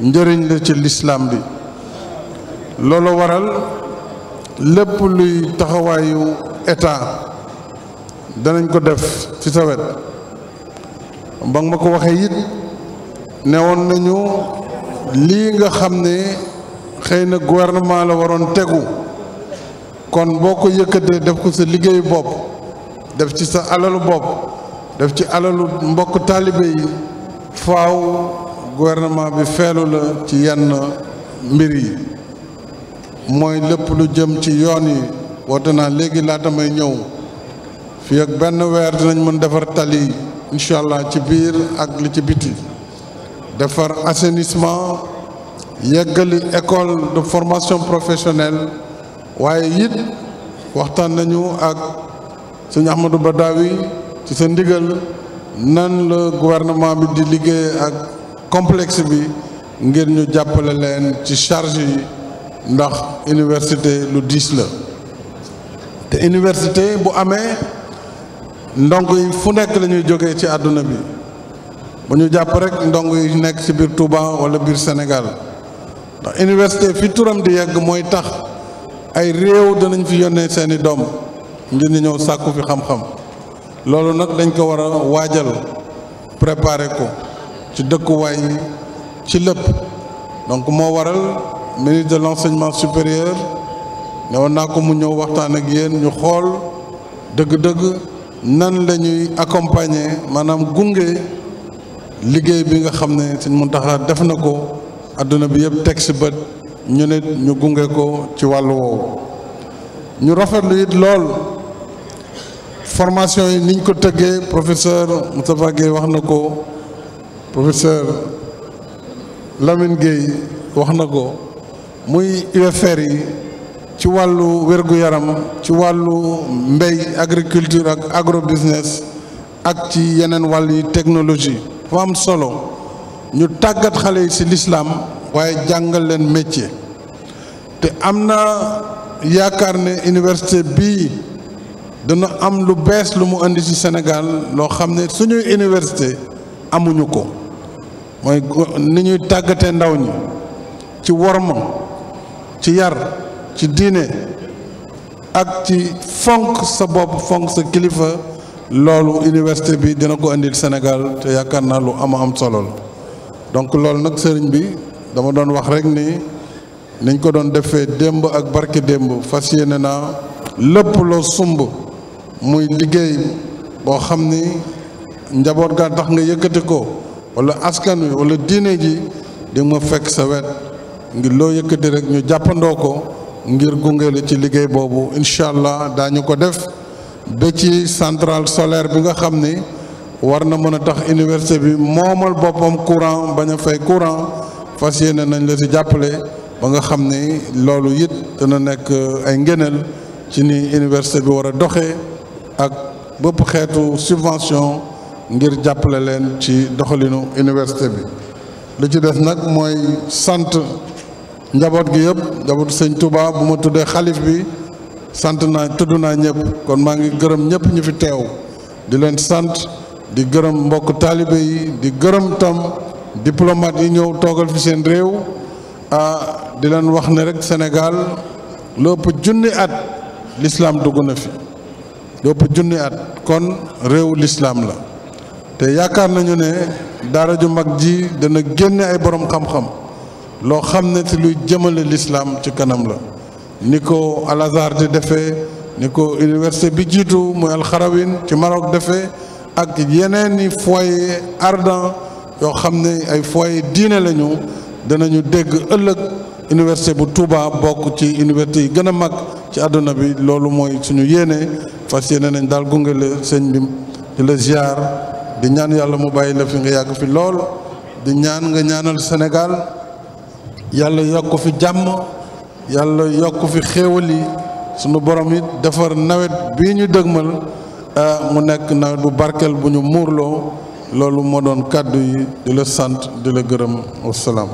njëriñ la ci lislaam bi loolu waral lépp luy taxawaayu état danañ ko def ci sa wet ba nga ma ko waxee it ne woon nañu lii nga xam ne xëy na gouvernement la waroon tegu kon boo ko yëkkatee def ko sa liggéeyu bopp def ci sa alalu bopp def ci alalu mbokk taalibe yi faaw gouvernement bi feelu la ci yenn mbir yi mooy lépp lu jëm ci yoon yi woote naa léegi laata may ñëw fii ak benn weer dinañ mën defar tali incha allah ci biir ak li ci biti defar assainissement yeggali école de formation professionnelle waaye it waxtaan nañu ak sëñ Ahmadou Badawi ci sa ndigal nan la gouvernement bi di liggéey ak complexe bi ngir ñu jàppale leen ci charge yi ndax université lu diis la te université bu amee ndong yi fu nekk lañuy jóge ci àdduna bi bu ñu jàpp rek ndong yi nekk ci biir Touba wala biir Sénégal ndax université fi turam di yegg mooy tax ay réew danañ fi yónnee seeni doom ngir ñu ñëw sàkku fi xam-xam loolu nag dañ ko war a waajal préparer ko ci dëkkuwaay ci lépp donc moo waral ministre de l'enseignement supérieur ne woon naa ko mu ñëw waxtaan ak yéen ñu xool dëgg-dëgg nan la ñuy accompagner maanaam gunge liggéey bi nga xam ne Sëñ Muntaxa def na ko àdduna bi yëpp teg si bët ñu nit ñu gunge ko ci wàllu woowu ñu rafetlu it lool formation yi niñ ko tëggee professeur Moustapha Guèye wax na ko professeur Lamine wax na ko muy UFR yi ci wàllu wér yaram ci wàllu mbéy agriculture ak agro business ak ci yeneen wàll yi technologie fa am solo ñu tàggat xale yi ci lislaam waaye jàngal leen métier te am na yaakaar ne université bii dana am lu bees lu mu indi ci Sénégal loo xam ne suñuy iniwersité amuñu ko mooy ni ñuy tàggatee ndaw ñi ci worma ci yar ci diine ak ci fonk sa bopp fonk sa kilifa loolu université bi dina ko indil Sénégal te yaakaar na lu ama am solol donc loolu nag sëriñ bi dama doon wax rek ni niñ ko doon defee démb ak barke démb fas yéene naa lépp loo sumb muy liggéey boo xam ni njaboot gaa tax nga yëkkati ko wala askan wi walla diine ji di ma fekk sa wet ngir loo yëkkati rek ñu jàppandoo ko ngir gunge la ci liggéey boobu incha allah daañu ko def ba ci centrale solaire bi nga xam ni war na mën a tax université bi moomal boppam courant bañ a fay courant fas yéene nañ la si jàppale ba nga xam ni loolu it dana nekk ay ngëneel ci ni université bi war a doxee ak bëpp xeetu subvention ngir jàppale leen ci doxalinu université bi lu ci des nag mooy sant njaboot gi yëpp njabootu sëñ tubaab bu ma tuddee xalif bi sant naa tudd naa ñëpp kon maa ngi gërëm ñëpp ñu fi teew di leen sant di gërëm mbokk taalibe yi di gërëm tam diplomate yi ñëw toogal fi seen réew ah di leen wax ne rek Sénégal lépp junni at l'islam dugg na fi lépp junni at kon réew l'islam la te yaakaar nañu ne daara ju mag ji dana génne ay borom xam-xam loo xam ne ci luy jëmale lislaam ci kanam la ni ko Al di defee ni ko université bi jiitu muy Al Xarawin ci Maroc defee ak yeneen i foyer ardent yoo xam ne ay foyer diine lañu danañu dégg ëllëg université bu Touba bokk ci université yi gën a mag ci àdduna bi loolu mooy suñu yéene fas yéene nañ daal gunge la sëñ bi di la ziar. di ñaan yàlla mu bàyyi la fi nga yàgg fi lool di ñaan nga ñaanal Sénégal yàlla yokk fi jàmm yàlla yokk fi xéewal yi sunu borom it defar nawet bi ñu dëgmal ah, mu nekk nawet bu barkeel bu ñu muurloo loolu moo doon kàddu yi di la sant di la gërëm wasalaam